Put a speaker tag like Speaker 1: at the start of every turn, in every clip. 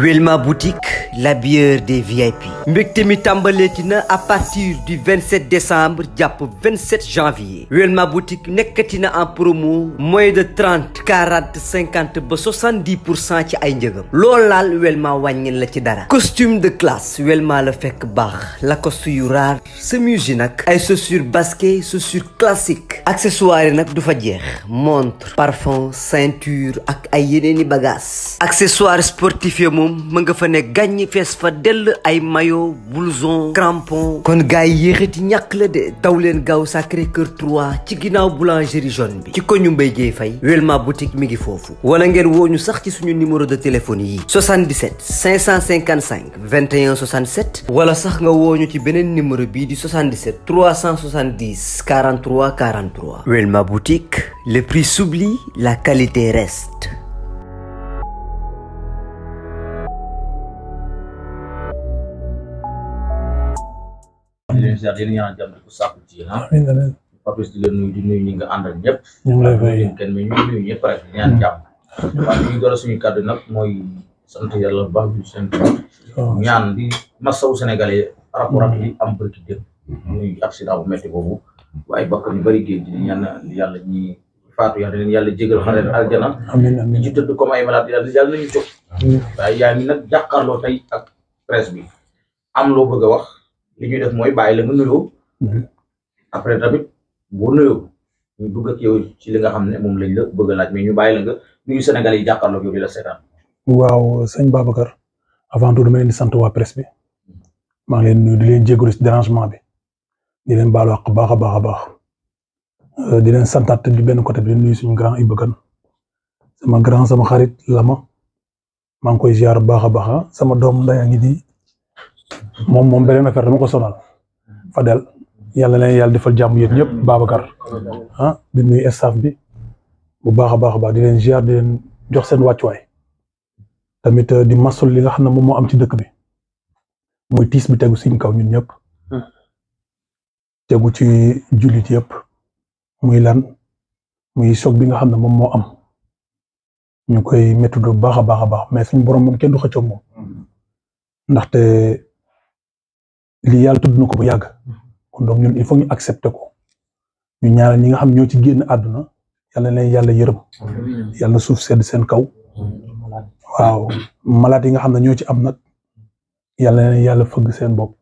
Speaker 1: Welma boutique la bière des VIP mbégte mi tàmbaleeti na à partir du 27 décembre jàpp 27 janvier Welma boutique nekkati na en promo moins de 30 40 50 ba 70 pour cent ci ay njëgam lool laal Welma wàññil la ci dara costume de classe Welma la fekk baax lacoste yu raar chemise yi nag ay chaussures basket chaussures classiques accessoires yi nag du fa jeex montre parfum ceinture ak ay yeneeni bagages accessoires sportifs yi moom moom ma nga fa ne gàññi fees fa dell ay maillot blouson crampon kon gars yi yéexati ñàkk la de daw leen gaaw Sacré kër 3 ci ginnaaw boulangerie jaune bi ci koñu mbay jee Faye Welma boutique mi ngi foofu wala ngeen woo ñu sax ci suñu numéro de téléphone yi 77 555 21 67 wala sax nga woo ñu ci beneen numéro bii di 77 370 43 43 Welma boutique le prix s'oublie la qualité reste
Speaker 2: ziar yéen ñaan a di ko sàkku ci yéen ah papis di la nuyu di nuyu ñi nga àndal ñëpp kenn mi ñu nuyu ñëpp rek ñaan jàmm waaye ñu door suñu kàddu nag mooy sant yàlla bu baax seen oh. ñaan di masawu Sénégal yi rapport ak am bërki dém mm-hmm. bu métti boobu yu bëri géej di ñaan yàlla ñi faatu yàlla leen yàlla jégal xale leen aljana ñi ci tëdd comme ay yaa ngi nag jàkkaarloo tey ak presse bi am loo bëgg a wax li def mooy bàyyi la nga nuyoo. Mhm. après tamit boo ñu dugg ak yow ci li nga xam ne moom lañ la bëgg a laaj mais ñu bàyyi la nga nuyu Sénégal yi jàkkaarloo yow di la seetaan.
Speaker 3: waaw sëñ Babacar avant tout dama leen di sant waa presse bi maa ngi leen nuyu di leen jégalu si dérangement bi di leen baalu àq baax a baax a baax euh, di leen santaat di benn côté bi di nuyu suñu grand Ibou Kane sama grand sama xarit Lama maa ngi koy ziar baax a baax ah. sama doom nday a ngi di moom moom beneen affaire dama ko sonal Fadel yàlla leen yàlla defal jàmm yéen ñëpp Babacar ah di nuyu staff bi bu baax a baax a baax di leen ziar jox seen wàccuwaay tamit di masul li nga xam ne moom moo am ci dëkk bi muy tiis bi tegu suñ kaw ñun ñëpp tegu ci jullit yëpp muy lan muy choc bi nga xam ne moom moo am ñu koy métti bu baax baax a baax mais suñu borom moom kenn du xëccoo moom ndaxte lii yàlla tudd na ko bu yàgg kon donc ñun il faut ñu accepter ko ñu ñaar ñi nga xam ñoo ci génn àdduna yàlla na leen yàlla yërëm yàlla suuf sedd seen kaw waaw malaat yi nga xam ne ñoo ci am nag yàlla na leen yàlla fëgg seen bopp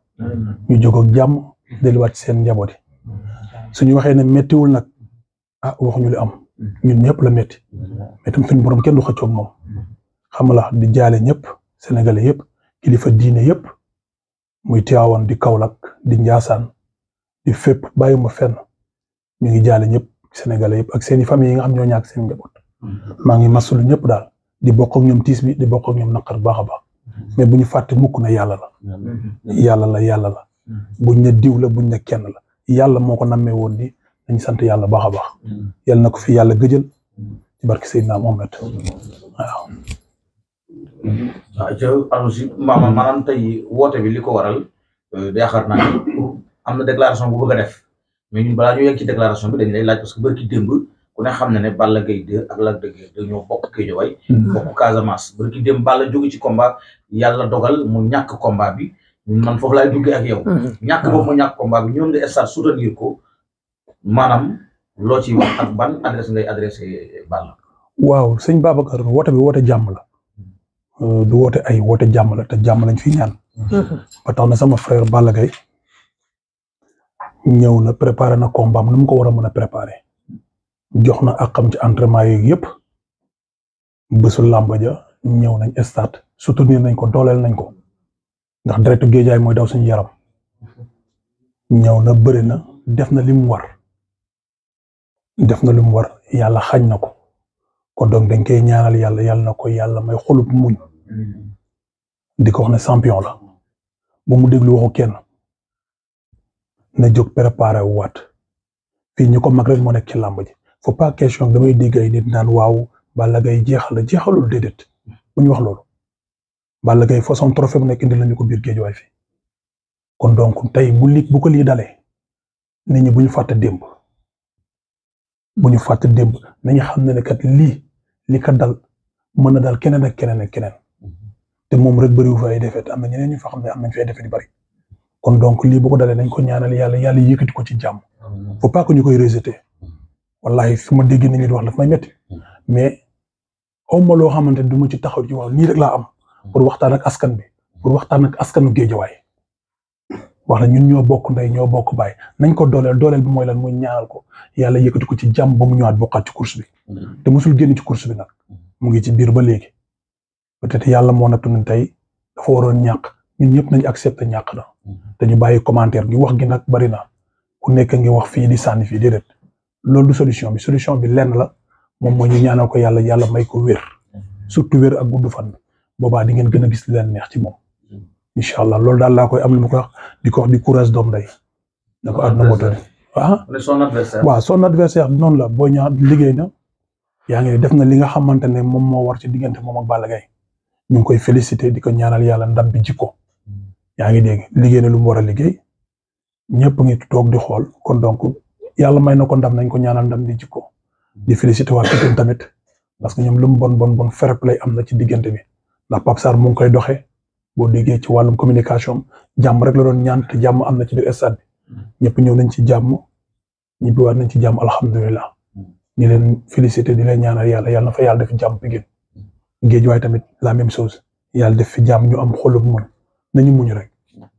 Speaker 3: ñu jóg ak jàmm delluwaat seen njaboot su ñu waxee ne méttiwul nag ah waxuñu li am ñun ñëpp la métti mais tam suñu borom kenn du xëccoog moom xam la di jaale ñëpp sénégalais yëpp kilifa diine yëpp. muy Tiwaawan di Kaolack di Njaasaan di fépp bàyyi ma fenn ñu ngi jaale ñëpp Sénégalais yëpp ak seeni famille yi nga xam ñoo ñàkk seen njaboot mm-hmm. maa ngi masalu ñëpp daal di bokk ñoom tiis bi di bokk ak ñoom naqar baax a baax mm-hmm. mais bu ñu fàtte mukk na mm-hmm. yàlla la yàlla la yàlla la buñ ne diw bu buñ ne kenn la yàlla moo ko namee woon ni dañ sant yàlla baax a baax yàlla na ko fi yàlla gëjël ci barke naa moom waaw
Speaker 2: ca ANACIM maanaam maanaam tey woote bi li ko waral euh, yaakaar naa am na déclaration bu bëgg a def mais ñun balaa ñu yegg ci déclaration bi dañ lay laaj parce que bërki démb ku ne xam ne ne Balla Gaye 2 ak Lac de Guiers 2 ñoo bokk Guédiawaye mm-hmm. bokk Casamance bërki démb Balla jóge ci komba yàlla dogal mu ñàkk combat bi man foofu laay duggee ak yow. Mm-hmm. ñàkk boobu mu ñàkk combat bi ñoom nga star soutenir ko maanaam loo ci wax ak ban adresse ngay adressé Balla.
Speaker 3: waaw sëñ Babacar woote bi woote jàmm la. Euh, du woote ay woote jàmm la te jàmm lañ fi ñaan. Mm-hmm. ba tax na sama frère Balla Gaye ñëw na préparé na combat am nu mu ko war a mën a préparé jox na ak xam ci entraînement yi yëpp bésu làmba ja ñëw nañ stade soutenir nañ ko dooleel nañ ko ndax deretu géejaay mooy daw suñu yaram ñëw na bëri na def na li mu war def na li mu war yàlla xañ na ko kon donc dañ koy ñaanal yàlla yàlla na ko yàlla may xolub muñ di ko wax ne champion la bu mu déglu waxu kenn na jóg préparé waat fii ñu ko mag rek moo nekk ci làmb ji faut pas question damay dégg ay nit naan waaw Balla gay jeexal la jeexalul déedéet bu ñu wax loolu Balla Gaye façon trophée bu nekk indi lañu ko biir géej waay fii kon donc tey bu li bu ko lii dalee nit ñi bu ñu fàtte démb bu ñu fàtte démb nañu xam ne ne lii li kat dal mën na dal keneen ak keneen ak keneen te moom rek bëriwu fa ay defet am na ñeneen ñu fa xam ne am nañ fa ay defet yu bëri kon donc lii bu ko dalee nañ ko ñaanal yàlla yàlla yëkkati ko ci jàmm faut pas que ñu koy rejeter mm. wallahi su ma déggee ni nit wax daf may métti mm. mais aw ma loo xamante ne du ma ci taxaw ci laa am mm. pour waxtaan ak askan bi pour waxtaan ak askanu géejawaay wax ñun ñoo bokk ndey ñoo bokk baay nañ ko dooleel dooleel bi mooy lan mooy ñaanal ko yàlla ko ci jàmm ba mu ñëwaat bokkaat ci course bi te musul génn ci course bi nag mu ngi ci biir ba léegi peut-être yàlla moo nattu ne tey dafa waroon ñàkk ñun ñëpp nañu accepté ñàkk na te mm-hmm. ñu bàyyi commentaire gi wax gi nag bari na ku nekk ngi wax fii di sànni fii di déedéet loolu du solution bi solution bi lenn la moom mooy ñu ñaanal ko yàlla yàlla may ko wér mm-hmm. surtout wér ak gudd fan boobaa di ngeen gën a gis li leen neex ci moom mm-hmm. incha allah loolu daal laa koy am lu ma koy wax di ko wax di courage doom day
Speaker 1: na ko àdduna moo tëdd
Speaker 3: ah waaw son adversaire noonu la boo ñaa liggéey na yaa ngi def na li nga xamante ne moom moo war ci diggante moom ak Balla Gaye ñu ngi koy félicité di ko ñaanal yàlla ndam bi jikko mm. yaa ngi dégg liggéey na lu mu war a liggéey ñëpp ngi toog di xool kon donc yàlla may na ko ndam nañ ko ñaanal ndam bi jikko di félicité waa tamit parce que ñoom lu mu bon bon bon fair play am na ci diggante bi ndax Pape Sarr mu ngi koy doxee boo déggee ci wàllum communication jàmm rek la doon ñaan te jàmm am na ci biir stade ñëpp ñëw nañ ci jàmm ñibbi waat nañ ci jàmm alhamdulilah mm. di leen félicité di leen ñaanal yàlla yàlla na yàlla def jàmm Pikine géej waaye tamit la même chose yàlla def fi jàmm ñu am xolub muñ nañu muñ rek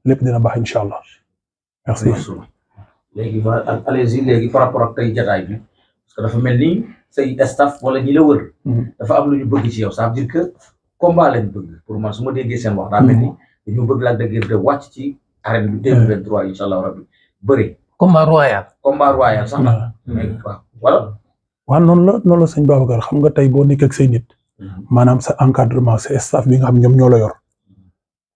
Speaker 3: lépp dina baax incha allah
Speaker 2: léegi ma rapport ak tey jataay bi parce que dafa mel ni say staff wala la wër. Mhm. dafa lu ñu bëgg ci yow ça veut dire que ma déggee seen wax daa mel ni mhm. dañu bëgg laa dëgg de wàcc ci arène bi 2023 incha allah rabbi bëri. combat royal. combat royal sax na. waaw wala.
Speaker 3: waaw noonu la noonu la sëñ Babacar xam nga tey boo nekk ak say Mhm. maanaam sa encadrement sa staff bi nga xam ñoom ñoo la yor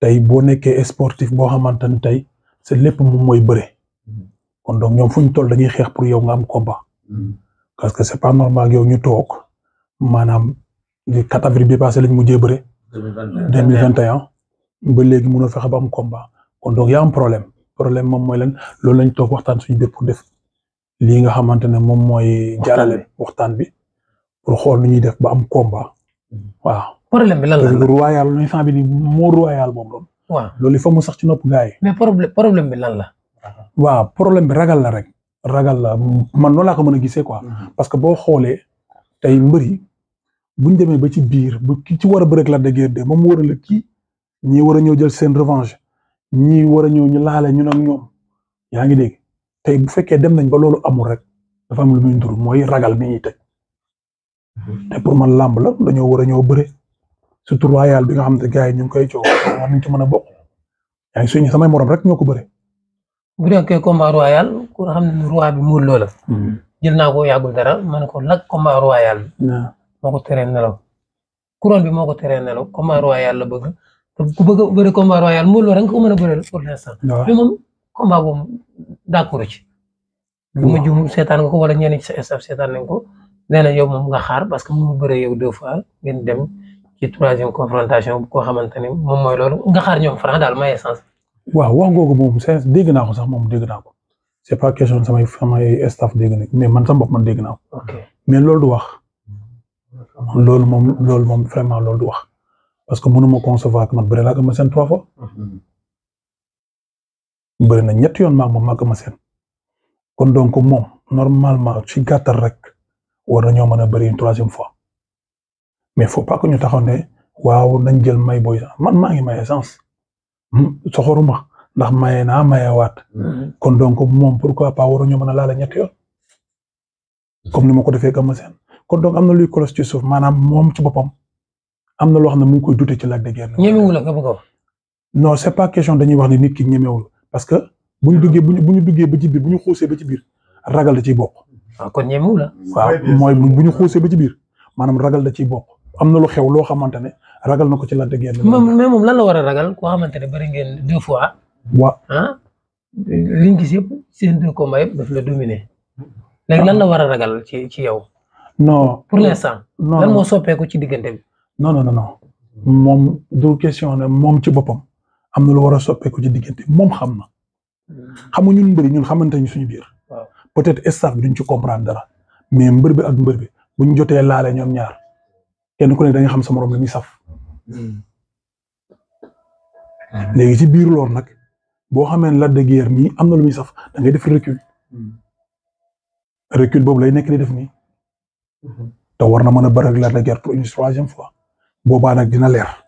Speaker 3: tey boo nekkee sportif boo xamante ne tey sa lépp moom mooy bëre mhm. kon donc ñoom fu ñu toll dañuy xeex pour yow nga am combat mhm. parce que c'est pas normal yow ñu toog maanaam di 4 avril bi passé lañ mujjee bëre.
Speaker 2: 2021
Speaker 3: ba léegi mënoo fexe ba am combat kon donc yaa am problème problème moom mooy lan loolu lañ toog waxtaan suñ biir pour def lii nga xamante ne moom mooy. jaarale waxtaan bi pour xool nu ñuy def ba am komba waaw problème bi lan la royal l'instant bi ni moo royal moom doon waaw loolu il faut mu sax ci nopp gars yi mais problème problème bi la waaw problème bi ragal la rek ragal la man noonu laa ko mën a gisee quoi mm-hmm. parce que boo xoolee tey mbëri buñ demee ba ci biir bu ki ci war a bërëk la de de moom war a la kii ñii war a ñëw jël seen revanche ñii war a ñëw ñu laale ñu ak ñoom yaa ngi dégg tey bu fekkee dem nañ ba loolu amul rek dafa lu muy mooy ragal bi ñuy te pour man làmb la dañoo war a ñëw bëre surtout royal bi nga xam ne gars yi ñu ngi koy coow war nañ ci mën a bokk suñu samay morom rek ñoo ko bëre. bu nekkee combat royal ku nga xam hmm. naa ko yàggul dara man ko nag combat royal bi. ko teree nelaw couronne bi moo ko teree nelaw combat royal la ku bëgg a bëri combat royal muur loola nga ko mën a bëri pour l'instant. mais moom combat boobu d'accord ma juum seetaan nga ko wala ñenn ci sa staff ko. nee na
Speaker 2: moom nga xaar parce que mu bëre yow deux fois ngeen dem ci confrontation bu koo xamante ni
Speaker 3: moom mooy loolu nga xaar ñoom Franc daal may essence. waaw wax googu moom sax dégg naa ko sax moom dégg naa man sama man dégg naa loolu du wax. loolu moom loolu moom vraiment loolu du wax parce que mënu ma concevoir que man bëri naa ko ma seen trois fois. bëri na ñetti yoon maag moom maag ma seen. kon donc moom normalement ci gàttal rek. war nañoo mën a bëri une troisième fois mais faut pas que ñu taxaw ne waaw nañ jël may booy man maa ngi maye sens hmm, soxoruma ndax maye naa mayewaat mm-hmm. kon donc moom pour pourquoi a waruñu mën a laale ñetti yoon comme ni ma ko defee gàmm seen kon donc am na luy kolos ci suuf maanaam moom ci boppam am na loo xam ne mu ngi koy dute ci Lac de Guiers. ñemewul nga bëgg a wax. non c'est pas question dañuy wax ne nit ki ñemewul parce que bu ñu duggee bu ñu bu ñu ci biir bu xuusee ba ci biir ragal da ciy bokk. Ah, kon ñemewu mooy bu ñu xuusee ba ci biir maanaam ragal da ci bokk am na lu xew loo xamante ne ragal na ko ci lante génn. moom mais moom lan la war a ragal koo xamante ne bari ngeen deux fois. waaw ah, liñ gis yëpp seen deux combats yëpp daf la dominer. léegi la war a ragal ci ci yow. non pour l'instant. non lan moo soppeeku ci diggante bi. non non non moom du question ne moom ci boppam am na lu war a soppeeku ci diggante moom xam na. Hmm. xamu ñun mbëri ñun xamante ñu suñu biir. peut-être staff bu duñ ci comprendre dara mais mbër bi ak mbër bi bu ñu jotee laale ñoom ñaar kenn ku ne dañuy xam sa morom li muy saf. Mm-hmm. léegi ci biir loolu nag boo xamee Lac de Guiers mii am na lu muy saf da ngay def recul. Mm-hmm. recule boobu lay nekk di def nii. Mm-hmm. te war na mën a bëri ak Lac de Guiers pour une troisième fois boobaa nag dina leer.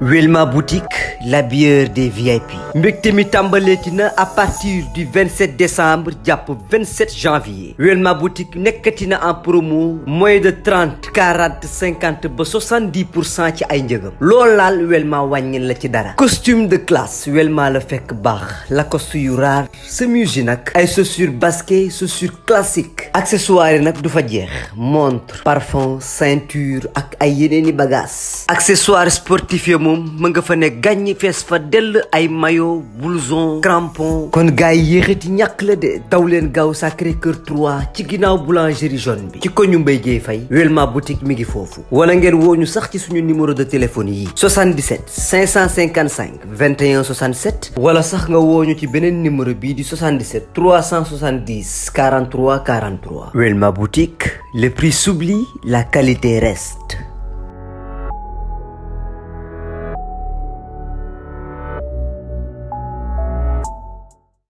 Speaker 1: Welma boutique la de des VIP mbégte mi tàmbaleeti na à partir du 27 décembre jàpp 27 janvier Welma boutique nekkati na en promo moins de 30 40 50 ba 70 pour cent ci ay njëgam loolu laal Welma wàññil la ci dara costume de classe Welma la fekk baax lacoste yu raar chemise yi nag ay chaussures basket chaussures classiques accessoires yi nag du fa jeex montre parfum ceinture ak ay yeneeni bagages accessoires sportifs moom mën nga fa ne gàññi fees fa dell ay maillot blouson crampon kon gars yi yéexati ñàkk la de daw leen gaaw Sacré kër 3 ci ginnaaw boulangerie jaune bi ci koñu mbéy géey fay Welma boutique mi ngi foofu wala ngeen woo ñu sax ci suñu numéro de téléphone yi 77 555 21 67 wala sax nga woo ñu ci beneen numéro bii di 77 370 43 43 Welma boutique le prix s'oublie la qualité reste